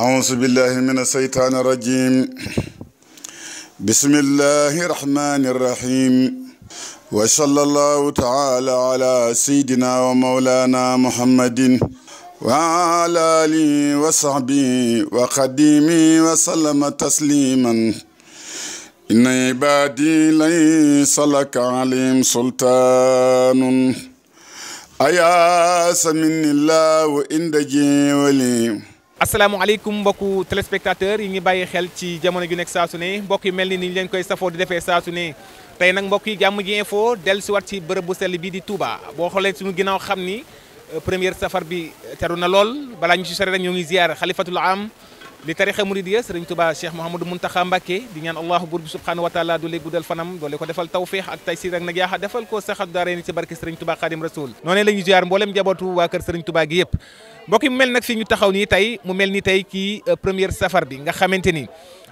أعوذ بالله من الشيطان الرجيم بسم الله الرحمن الرحيم وصلى الله تعالى على سيدنا ومولانا محمد وعلى آله وصحبه وقديمه وسلم تسليما إن عبادي ليس لك عليهم سلطان أياس من الله وإن دجي وليم asalaamaaleykum mbokku téléspectateurs yi ngi bàyyi xel ci jamono ji nekk saa su ne mbokk yi mel ni ni ñu leen koy safoo di defee saa su ne tey nag mbokk yi jàmm ji info del si wat ci bërëb bu sell bii di Touba boo xoolee suñu ginnaaw xam ni euh, première safar bi teru na lool balaa ñu ci sore rek ñoo ngi ziar xalifatul am li tarixa muridiyya Sëriñ Touba Cheikh Mouhamadou Mountakha Mbacké di ñaan allahu buur bi subhanahu wa taala doole guddal fanam doole ko defal tawfiix ak taysir ak nag yaaxa defal ko saxat daare ni ci barke Sëriñ yëpp mbokk yi mu mel nag fi ñu taxaw nii tey mu mel ni tey kii euh, première safar bi nga xamante ni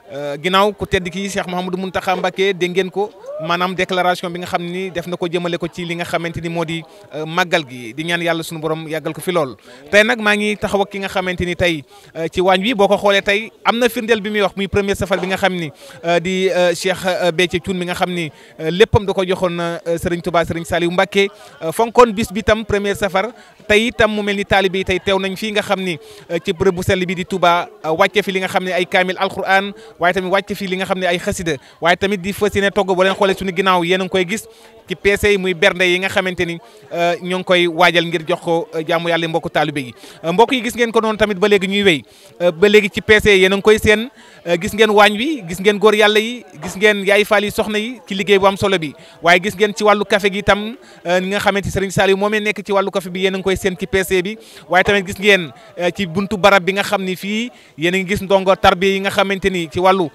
Euh, ginnaaw ku tedd kii Cheikh Mouhamadou Mountakha Mbacké dégg ngeen ko maanaam déclaration bi nga xam ni def na ko jëmale ko ci li nga xamante ni moo di euh, màggal gi di ñaan yàlla suñu borom yàggal ko fi lool. tey nag maa ngi taxaw ki nga xamante ni tey euh, ci waañ wi boo ko xoolee tey am na firndeel bi muy wax muy premier safar bi nga xam ni di Cheikh Béthio Thioune mi nga xam ni léppam da ko joxoon Serigne Touba Serigne Saliou Mbacké fonkoon bis bi tam premier safar tey itam mu mel ni taalibe yi tey teew nañ fi nga xam ni ci bërëb bu bi di tuba wàcce fi li nga xam ne ay kaamil alquran waaye tamit wàcc fii li nga xam ne ay xasida waaye tamit di fas yéene togg boo leen xoolee suñu ginnaaw yéen a koy gis ci PC yi muy bernde yi nga xamante ni euh, ñoo ngi koy waajal ngir jox ko euh, jaamu yàlla mbokku taalibe yi euh, mbokk yi gis ngeen ko noonu tamit ba léegi ñuy wéy ba léegi ci PC yéen a ngi gis ngeen waañ wi gis ngeen góor yi gis ngeen yaay faal yi soxna yi ci liggéey bu am solo bi waaye gis ngeen ci wàllu café gi tam ni nga xamante Serigne Saliou moomee nekk ci bi yéen a koy seen ci PC bi waaye tamit gis ngeen ci bi nga xam ni fii yéen a ngi gis ndongo tarbiya yi nga xamante ni ci wàllu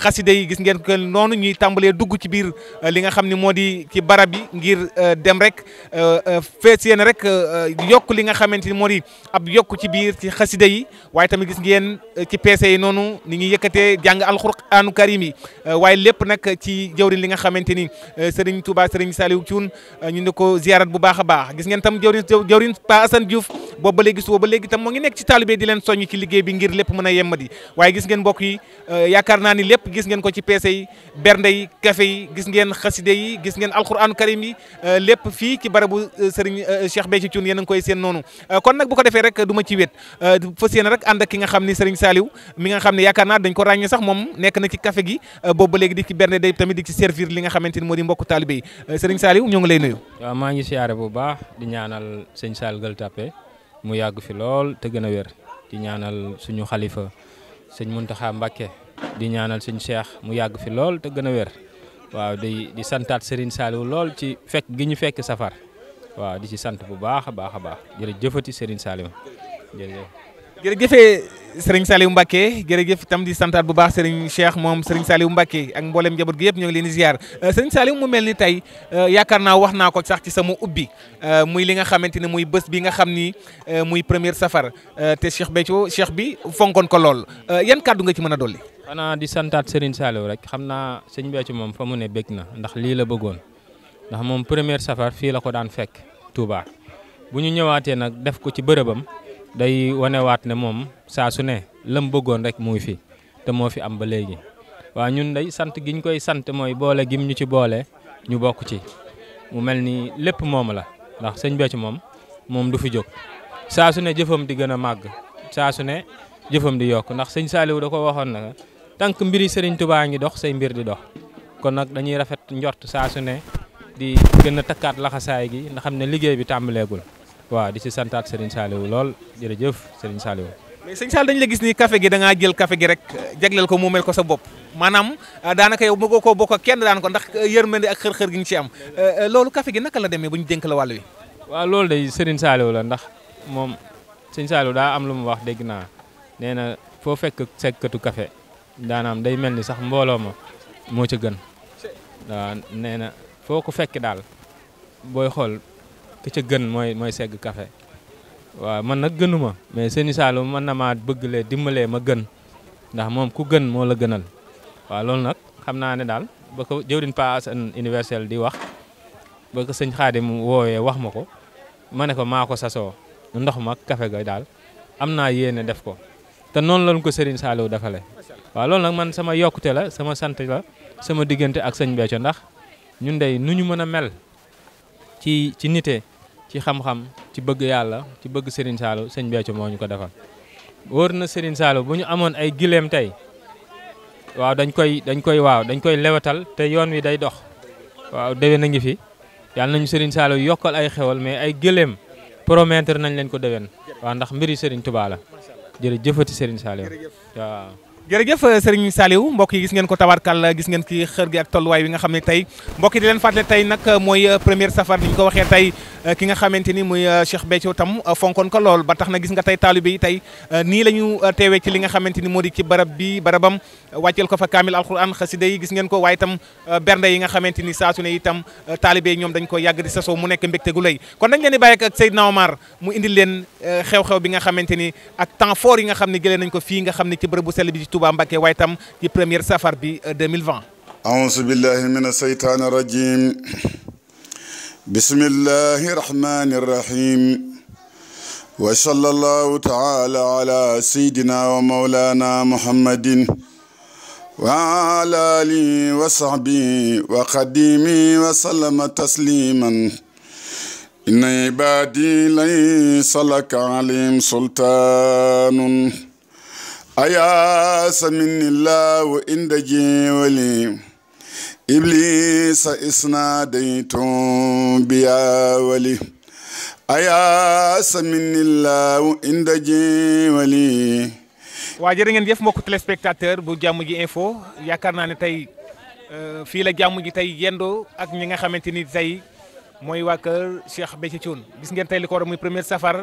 xasida yi gis ngeen ko noonu ñuy tàmbalee dugg ci biir li nga xam ni moo di ci barab barab ngir euh, dem rek euh, euh, fees yéen rek yokk li nga xamante ni moo di ab yokk ci biir ci xasida yi waaye tamit gis ngeen ci PC yi noonu ni ngi yëkkatee jàng alxuraanu karim yi waaye lépp nag ci jëwriñ li nga xamante ni Serigne Touba Serigne Saliou Thioune ñu ngi ko ziarat bu baax a baax gis ngeen tam jëwriñ jëwriñ Pa boobu ba léegi suba ba léegi itam moo nekk ci taalibe di leen soññ ci liggéey bi ngir a yemmadi waaye gis ngeen mbokk euh, naa ni lépp gis ngeen ko ci peese yi bernde yi café yi gis ngeen xaside yi gis ngeen alquranu karim yi euh, lépp fii ci barabu euh, Serigne Cheikh Béthio Thioune yéen a ngi koy noonu kon nag bu ko defee rek du ma ci wét fas yéene ànd ki nga xam ni Serigne Saliou mi nga xam ne yaakaar naa dañ ko ràññee sax moom nekk na ci café gi boobu ba léegi di ci bernde tamit di ci servir li nga xamante ni moo di mbokk taalibe yi Serigne Saliou ñoo ngi lay nuyu waaw maa ngi siyaare bu baax di ñaanal sëñ Sall Gueule Tapée mu yàgg fi lool te gën a wér di ñaanal suñu xalifa sëñ Muntaxa Mbàkke di ñaanal suñu cheikh mu yàgg fi lool te gën a wér waaw di di santaat Serigne Saliou lool ci fekk gi ñu fekk safar waaw di ci sant bu baax a baax a baax jërëjëfati Serigne Saliou jërëjëf jërëjëfee sëriñ Saliou Mbacke jërëjëf tam di santaat bu baax sëriñ Cheikh moom sëriñ Saliou Mbacke ak mboolem njaboot gi yëpp ñoo ngi leen di ziar euh, sëriñ Saliou mu mel ni tey euh, yaakaar naa wax naa ko sax ci sama ubbi euh, muy li nga xamante ne muy bés bi nga xam ni muy premier safar te Cheikh Béthio Cheikh bi fonkoon ko lool yan kàddu nga ci mën a dolli. xanaa di santaat sëriñ Saliou rek xam naa sëñ Béthio moom fa mu ne bég na ndax lii la bëggoon ndax moom premier safar fii la ko daan fekk Touba bu ñu ñëwaatee nag def ko ci bërëbam day wanewaat ne moom saa su ne lam bëggoon rek muy fi te moo fi am ba léegi waaw ñun day sant gi ñu koy sant mooy boole gim ñu ci boole ñu bokk ci mu mel ni lépp moom la ndax sëñ Béthio moom moom du fi jóg saa su ne jëfam di gën a màgg saa su ne jëfam di yokk ndax sëñ Saliou da ko waxoon na tànk mbiri sëriñ Touba ngi dox say mbir di dox kon nag dañuy rafet njort saa su ne di gën takkaat laxasaay gi nga xam ne liggéey bi tàmbaleegul waaw di si santaat Serigne Saliou lool jërëjëf Serigne Saliou. mais sëñ Saliou dañu la gis ni kafe gi dangaa jël kafe gi rek euh, jagleel ko moomeel ko sa bopp maanaam euh, daanaka yow bëggoo ko bokk kenn daan ko ndax euh, yërmande ak xër-xër gi ñu ci am loolu café gi naka la demee ba ñu dénk la wàll waaw loolu day Serigne Saliou la ndax moom Serigne Saliou daa am lu mu wax dégg naa nee na foo fekk sekkatu café daanaam day mel ni sax mbooloo ma moo ca gën waaw nee na foo ku fekk daal booy xool ka ca gën mooy mooy segg café waaw man nag gënuma mais Sëñ Saalum man na maa bëgg lee dimbalee ma gën ndax moom ku gën moo la gënal waaw loolu nag xam naa ne daal ba ko jëwriñ Pa Assane universel di wax ba ko sëñ Xaadim woowee wax ma ko ma ne ko maa ko sasoo ndox ma kafe ga daal am naa yéene def ko te noonu lañ ko Serigne Saliou defale waaw loolu nag man sama yokkute la sama sant la sama diggante ak sëñ Béthio ndax ñun dey nu ñu mën a mel ci nite ci xam-xam ci bëgg yàlla ci bëgg Serigne Saliou sëñ Béthio moo ñu ko defal. wóor na Serigne Saliou bu ñu amoon ay gileem tey waaw dañ koy dañ koy waaw dañ koy lewatal te yoon wi day dox waaw déwén a ngi fi yàlla nañu Serigne Saliou yokkal ay xewal mais ay gëléem promettre nañ leen ko déwén waaw ndax mbiri Serigne Touba la jërëjëfati Serigne Saliou waaw. jërëjëf euh, Serigne Saliou mbokk yi gis ngeen ko tabarkal gis ngeen ki xër gi ak tolluwaay bi nga xam ne tey mbokk yi di leen fàttali tey nag euh, mooy euh, première safar ni ñu ko waxee tey ki nga xamante ni muy Cheikh Béthio tam fonkoon ko lool ba tax na gis nga tey taalibe yi tey nii la ñu teewee ci li nga xamante ni moo di ci barab bi barabam wàcceel ko fa kaamil alquran xasida yi gis ngeen ko waaye itam bernde yi nga xamante ni saa su itam taalibe yi ñoom dañ ko yàgg di sasoo mu nekk mbégte gu lay kon dañ leen di bàyyi ak leen xew-xew bi nga xamante ni ak temps fort yi nañ ko fii nga xam ne ci bërëb sell bi Touba Mbacké waaye tam ci première safar bi 2020 euh, aouzu billahi mina shaytaani rajim bismillahi rahmani rahim wa sallallahu taala ala sayyidina wa mawlana muhammadin wa ala alihi wa sahbihi wa qadimi wa sallama tasliman inna ibadi laysa laka alayhim sultanun أياس مني الله إن دجيولي إبليس إسناديت بيا ولي أياس مني الله إن دجيولي waa jërë ngeen jëf mbokku téléspectateur bu jàmm ji info yaakaar naa ne tey euh, fii la jàmm ji tey yendoo ak ñi nga xamante ni tey mooy waa kër Cheikh Béthio Thioune gis ngeen tey li ko muy première safar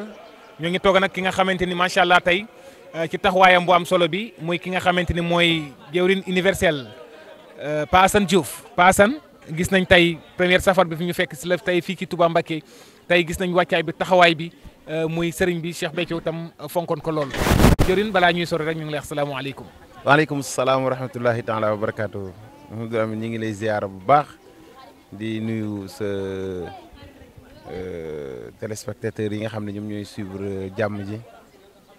ñoo ngi toog nag ki nga xamante ni macha allah tey Euh, ci taxawaayam boo am solo bi muy ki nga xamante ni mooy jëwrin universel euh, Paasan Diouf Paasan gis nañ tey première safar bi fi ñu fekk si la tey fii ci Touba Mbacké tey gis nañ wàccaay bi taxawaay bi euh, muy sëriñ bi Cheikh Béthio tam fonkoon ko lool jëwrin balaa ñuy sori rek ñu ngi lay wax salaamaaleykum. salaam wa rahmatullahi taala wa barakaatu. Mouhamadou ñu ngi lay ziyaara bu baax di nuyu sa téléspectateurs yi nga xam ne ñoom ñooy suivre jàmm ji.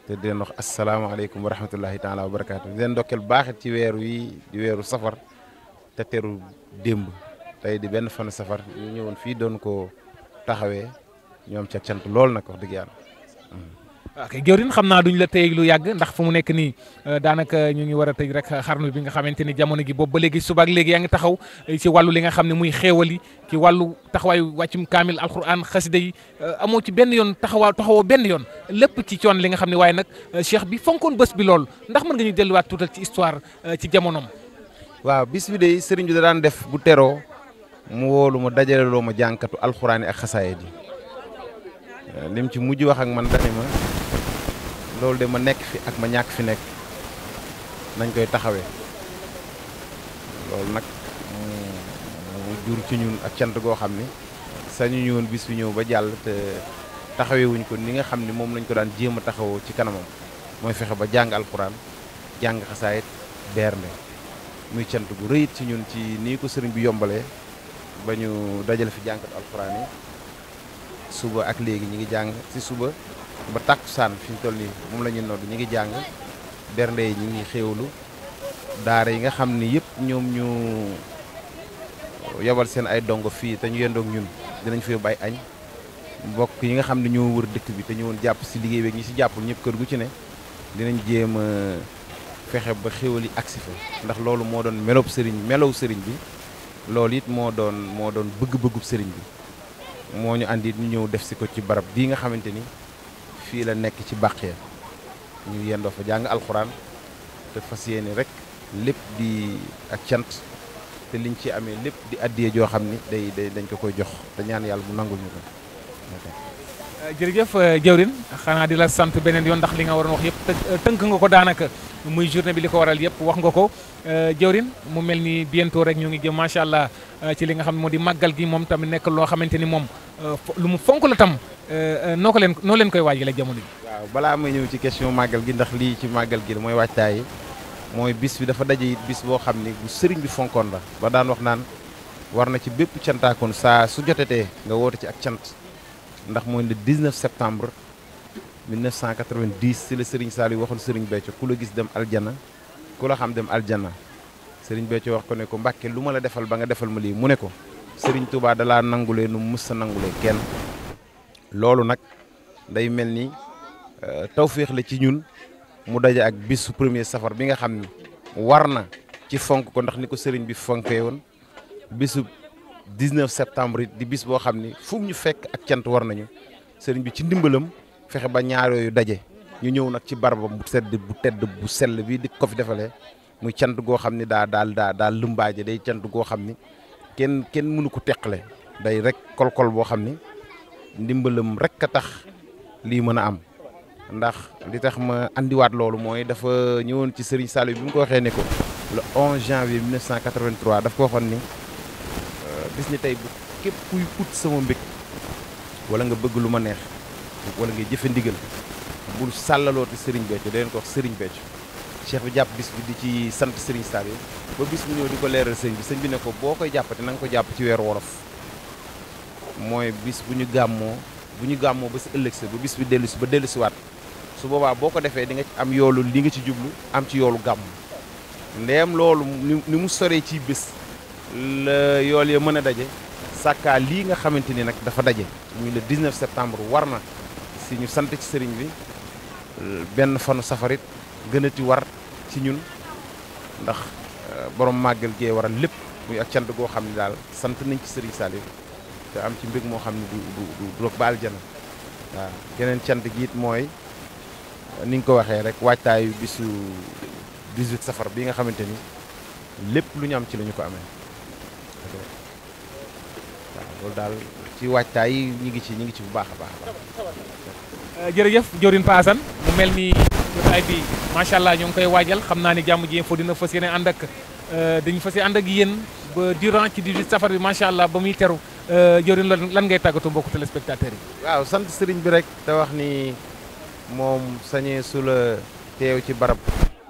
te di leen wax asalaamaaleykum wa rahmatullahi taala wa barakaatu di leen ndokkeel baaxit ci weer wi di weeru safar te teru démb tey di benn fanu safar ñu ñëwoon fii doon ko taxawe ñoom ca cant lool nag wax dëgg yàlla hmm. ok jëwriñ xam naa duñ la téye lu yàgg ndax fu mu nekk nii euh, daanaka ñu ngi war a tëj rek xarnu bi nga xamante ni jamono gi boobu ba léegi suba ak léegi ngi taxaw euh, ci wàllu li nga xam ne muy xéewal yi ci wàllu taxawaayu wàccum kaamil alquran xasida yi euh, amoo ci benn yoon taxawaa taxawoo benn yoon lépp ci coon li nga xam ne waaye nag cheikh bi fonkoon bés bi lool ndax mën nga ñu delluwaat tuutal ci histoire ci jamonoom. waaw bis bi de sëriñ bi da daan def bu teroo mu woolu ma dajale loo ma jànkatu alxuraan yi ak xasaayid ci mujj wax ak loolu de ma nekk fi ak ma ñàkk fi nekk nañ koy taxawee loolu nag mu jur ci ñun ak cant goo xam ni sañu ñëwoon bis bi ñëw ba jàll te taxawewuñ ko ni nga xam ni moom lañ ko daan jéem a taxawoo ci kanamam mooy fexe ba jàng alxuraan jàng xasaayit bernde muy cant gu rëyit ci ñun ci nii ko sëriñ bu yombalee ba ñu dajale fi jàngat alxuraan yi suba ak léegi ñi ngi jàng ci suba ba tàkkusaan fi ñu toll nii moom la ñu nodd ñu ngi jàng bernde yi ñu ngi xéewalu daara yi nga xam ni yëpp ñoom ñu yabal seen ay dongo fii te ñu yendoog ñun dinañ fi bay añ mbokk yi nga xam ne ñoo wër dëkk bi te jàpp si liggéey beeg ñi si jàppul ñëpp kër gu ci ne dinañ jéem a fexe ba xéwal yi agsi fa ndax loolu moo doon melob sëriñ melow sëriñ bi loolu it moo doon moo doon bëgg-bëggub sëriñ bi moo ñu andi ñu ñëw def si ko ci barab bii nga xamante ni fii la nekk ci bàqee ñu yendoo fa jàng alxuraan te fas yéene rek lépp di ak cant te liñ ci amee lépp di addiye joo xam ni day day dañ ko koy jox te ñaan yàlla mu nangul ñu ko Euh, jërëjëf euh, jëwrin xanaa di la sant beneen yoon ndax li nga waroon wax yëpp euh, tënk nga ko daanaka muy journée bi li ko waral yëpp wax nga ko jëwrin mu mel ni bientôt rek ñoo ngi jëm macha allah ci li nga xam ne moo di màggal gi moom tamit nekk loo xamante ni moom lu mu fonk la tam noo ko leen noo leen koy waajal ak jamono ji. waaw balaa may ñëw ci question màggal gi ndax lii ci màggal gi la mooy waajtaay mooy bis bi dafa daje it bis boo xam ne bu sëriñ bi fonkoon la ba daan wax naan war na ci bépp cantaakoon saa su jotetee nga woote ci ak cant. ndax mooy le 19 septembre 1990 si la Serigne saali waxul Serigne Béthio ku la gis dem aljana ku la xam dem aljana Serigne Béthio wax ko ne ko Mbàkke lu ma la defal ba nga defal ma lii mu ne ko Serigne Touba dalaa nangulee nu mus sa nangulee kenn loolu nag day mel ni euh, tawféex la ci ñun mu daje ak bisu premier safar bi nga xam ni war na ci fonk ko ndax ni ko sëriñ bi fonkee woon bisu 19 septembre it di bis boo xam ni fu ñu fekk ak cant war nañu sëriñ bi ci ndimbalam fexe ba ñaar daje ñu ñëw nag ci barabam bu sedd bu tedd bu sell bi di ko fi defalee muy cant goo xam ni daa daal daa daal lëmbaaje day cant goo xam ni kenn kenn mënu ko teqale day rek kolkol boo xam ni ndimbalam rek a tax lii mën a am ndax li tax ma andiwaat loolu mooy dafa ñëwoon ci sëriñ Saliou bi mu ko waxee ne ko le 11 janvier 1983 daf ko waxoon ni bis ni tey bu képp kuy ut sama mbég wala nga bëgg lu ma neex wala nga jëfe ndigal bul sàllalooti sëriñ Béthio da leen ko wax sëriñ Béthio cheikh bi jàpp bis bi di ci sant sëriñ Saliou ba bis bu ñëw di ko leeral sëriñ bi sëñ bi ne ko boo koy jàppate na ko jàpp ci weeru worof mooy bis bu ñu gàmmoo bu ñu gàmmoo ba si ëllëg sa ba bis bi dellusi ba dellusiwaat su boobaa boo ko defee di nga am yoolu li nga ci jublu am ci yoolu gàmmu ndeem loolu ni mu la yool ya mën a daje sàkkaa lii nga xamante ni nag dafa daje ñu le 19 septembre war na si ñu sant ci sëriñ bi benn fanu safarit gënati war ci ñun ndax euh, borom màggal gee waral lépp muy ak cant goo xam ne daal sant nañ ci sëriñ Saliou te am ci mbég moo xam ne du du du du ba aljana waaw geneen cant giit mooy niñ ko waxee rek waajtaayu bisu 18 safar bii nga xamante ni lépp lu ñu am ci lañu ko amee waaw loolu daal ci waajtaay yi ñu ngi ci ñu ngi ci bu baax a baax a euh, jërëjëf Diorine Pa mu mel ni jotaay bi macha allah ñoo ngi koy waajal xam naa ni jàmm ji info dina fas yéene ànd ak euh, dañu fas yéene ànd ak yéen ba durant ci 18 safar bi macha allah ba muy teru euh, Diorine lan lan ngay tàggatu mbokku téléspectateurs yi. waaw sant sëriñ bi rek te wax ni moom sañee su la teew ci barab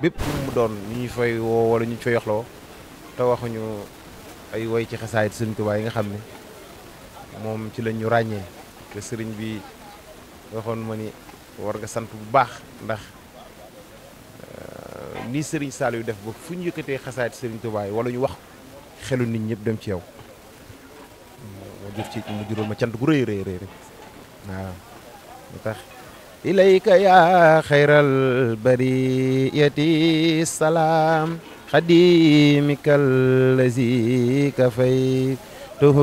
bépp mu doon ñu ñu fay woo wala ñu ñu fay yoxloo te waxuñu. ay woy ci xasaayit sëriñ Tuubaa nga xam ne moom ci la ñu ràññee te sëriñ bi waxoon ma ni war nga sant bu baax ndax nii euh, sëriñ Saliou def ba fu ñu yëkkatee xasaayit sëriñ Tuubaa yi wala ñu wax xelu nit ñëpp dem ci yow mu ci mu jural ma cant gu rëy rëy rëy waaw mu tax ilayka yaa xayral bariyati salaam خديمك الذي كفيته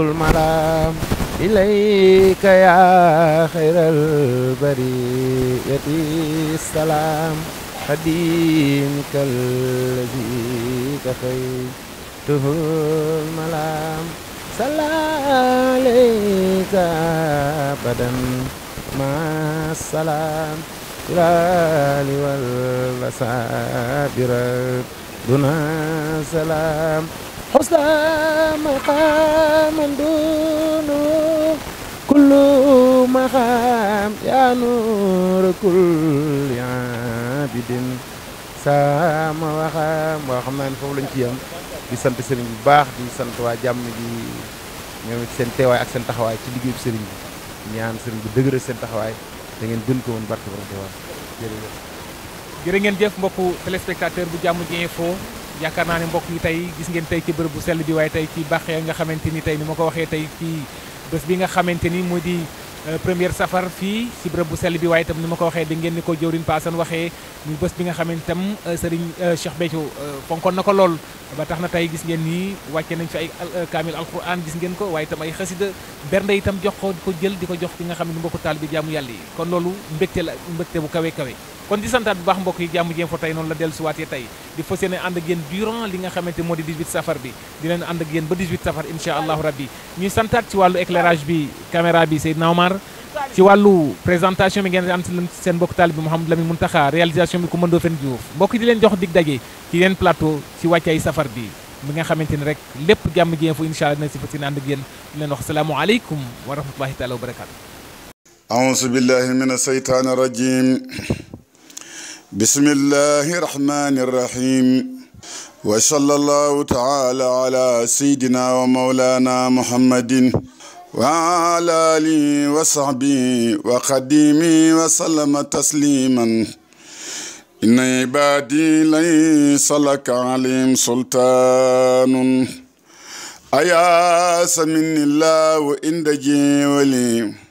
الملام إليك يا خير البرية السلام خديمك الذي كفيته الملام صلى عليك أبدا مع السلام الهلال والمسابر دنا سلام حسن مقام دونه كل مقام يا نور كل عابد saama waxam waa xam naa ne foofu ci yam di sant sëriñ bu baax di sant waa jàmm di ñoom it seen teewaay ak seen taxawaay ci liggéeyu sëriñ bi ñaan sëriñ bi dëgëral seen taxawaay da ngeen dund ko woon barke borom Tuubaa jërëjëf ngeen jëf mbokku téléspectateur bu jàmm ji foo yaakaar naa ne mbokk yi tey gis ngeen tey ci bërëb bu sell bi waaye tey ci baax nga xamante ni tey ni ma ko waxee tey ci bés bi nga xamante ni moo di Euh, première safar fii si bu sell bi waaye itam ni ma ko waxee di ngeen ni ko jëwriñ paasan waxee muy bés bi nga xamante itam euh, sëriñ euh, Cheikh Béthio fonkoon na ko lool ba tax na tey gis ngeen nii wàcce nañ fi ay kaamil alquran gis ngeen ko waaye itam ay xasida bernde itam jox ko ko jël di ko jox ki nga xam ne mbokku taal bi jaamu yàlla yi kon loolu mbégte la mbégte bu kawee kawe kon di santaat bu baax mbokk yi jàmm jéem fa tey noonu la dellusiwaatee tey di fas yéene ànd ak yéen durant li nga xamante moo di 18 safar bi di leen ànd ak yéen ba 18 safar incha allahu rabbi ñuy santaat ci wàllu éclairage bi caméra bi Seydina Omar ci wàllu présentation bi ngeen ànd seen mbokk taal bi Mouhamadou Lamine Muntaxa réalisation bi ku mëndoo fen Diouf mbokk yi di leen jox dig daje ci yeneen plateau ci wàccaay safar bi bi nga xamante ni rek lépp jàmm jéem fu incha allah si fas yéene ànd ak yéen di leen wax salaamualeykum wa rahmatullahi taala wa barakaatu. aouzu billahi mina بسم الله الرحمن الرحيم وصلى الله تعالى على سيدنا ومولانا محمد وعلى آله وصحبه وقديمه وسلم تسليما إن عبادي ليس لك عليهم سلطان أياس من الله وإن دجي ولي